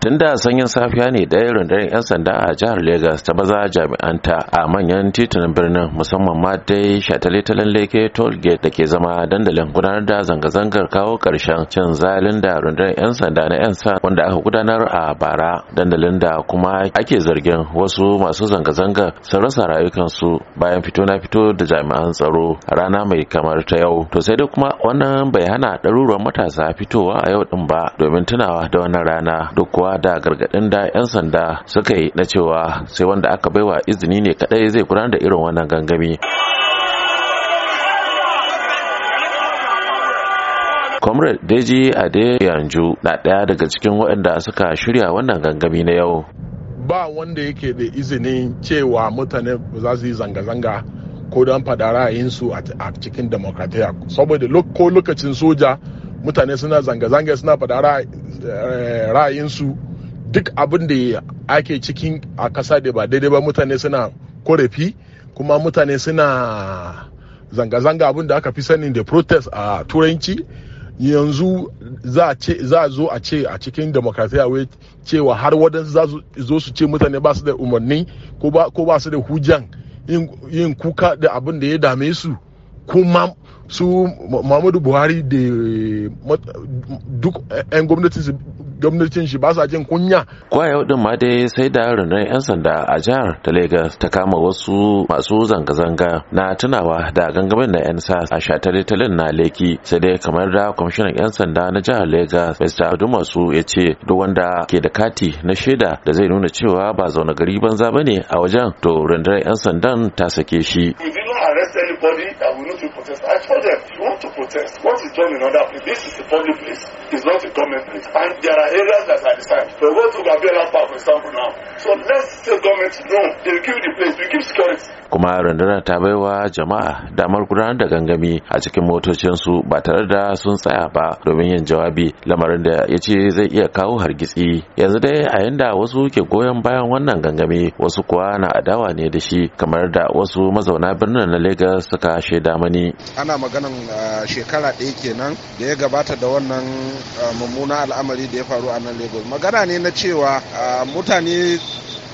tun da sanyin safiya ne ɗaya rundunar 'yan sanda a jihar Legas ta baza jami'anta a manyan titunan birnin musamman ma dai shataletalen leke toll gate da ke zama dandalin gudanar da zanga-zangar kawo karshen cin zalin da rundunar 'yan sanda na 'yan sa wanda aka gudanar a bara dandalin da kuma ake zargin wasu masu zanga-zanga sun rasa rayukansu bayan fito na fito da jami'an tsaro rana mai kamar ta yau to sai dai kuma wannan bai hana ɗaruruwan matasa fitowa a yau din ba domin tunawa da wannan rana duk kuwa da gargadin da 'yan sanda suka yi na cewa sai wanda aka baiwa izini ne kadai zai gudanar da irin wannan gangami comrade deji ade yanju na ɗaya daga cikin waɗanda suka shirya wannan gangami na yau ba wanda yake da izinin cewa mutane za su yi zanga-zanga ko don faɗa ra'ayinsu a cikin demokratiya saboda ko lokacin soja mutane suna zanga-zanga suna faɗa Eh, ra'ayinsu duk abin da ake cikin a kasa da ba daidai ba mutane suna korafi kuma mutane suna zanga-zanga abin da aka fi sani da protest a turanci yanzu za a zo a ce a cikin demokrasiya wai cewa har wadansu za zo su ce mutane ba su da umarni ko ba su da hujjan yin kuka da abin da ya dame su kuma su muhammadu buhari da duk 'yan eh, gwamnatin shi ba sa jin kunya kwa yau din ma dai sai da rundunar 'yan sanda a jihar ta lagos ta kama wasu masu zanga-zanga na tunawa da gangamin na 'yan sa a shatalitalin na leki sai dai kamar da kwamishinan 'yan sanda na jihar lagos mr masu ya ce duk wanda ke da kati na shaida da zai nuna cewa ba zaune gari banza ba ne a wajen to rundunar 'yan sandan ta sake shi everybody that we need to protest. I told them, if you want to protest, what is done in other places? This is a public place, it's not a government place. And there are areas that are decided. So go to Gabriela Park, for example, now. So let's say government, no, they give the place, we give security. kuma rundunar ta baiwa jama'a damar gudanar da gangami a cikin motocinsu ba tare da sun tsaya ba domin yin jawabi lamarin da ya ce zai iya kawo hargitsi yanzu dai a yanda wasu ke goyon bayan wannan gangami wasu kuwa na adawa ne da shi kamar da wasu mazauna birnin na lagos suka shaida mani ana maganan uh, shekara ɗaya kenan da ya gabata da wannan uh, mummuna al'amari da ya faru a nan lagos magana ne na cewa uh, mutane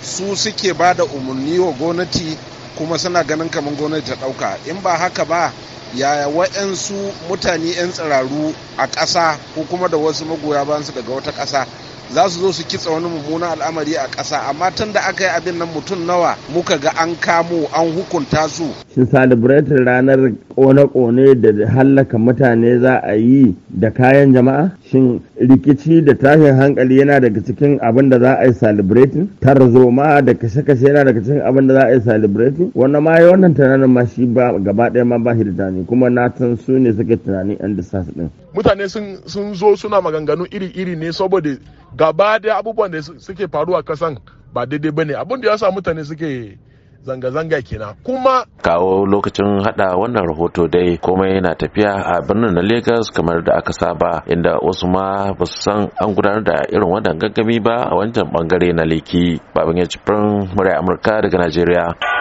su suke ba da umarni wa gwamnati kuma suna ganin kamar gwamnati ta ɗauka in ba haka ba yaya wa'yansu mutane 'yan tsiraru a ƙasa ko kuma da wasu magoya su daga wata ƙasa za su zo su kitsa wani mummunan al'amari a ƙasa amma tun da aka yi abin nan mutum nawa muka ga an kamo an hukunta su. shi celebrating ranar kone-kone da hallaka mutane za a yi da kayan jama'a shin rikici da tashin hankali yana daga cikin abin da za a yi celebrating tarzoma da kashe-kashe yana daga cikin abin da za a yi celebrating wannan ma yi wannan tunanin ma shi ba gaba ɗaya ma ba shi da tunani kuma na san su ne suke tunani yan disas ɗin. mutane sun zo suna maganganu iri-iri ne saboda gaba da abubuwan da suke faruwa kasan ba daidai ba ne abin da ya sa mutane suke zanga-zanga kenan kuma kawo lokacin hada wannan rahoto dai komai yana tafiya a birnin na lagos kamar da aka saba inda wasu ma ba su san an gudanar da irin wannan gaggami ba a wancan bangare na leki babin ya cifin amurka daga najeriya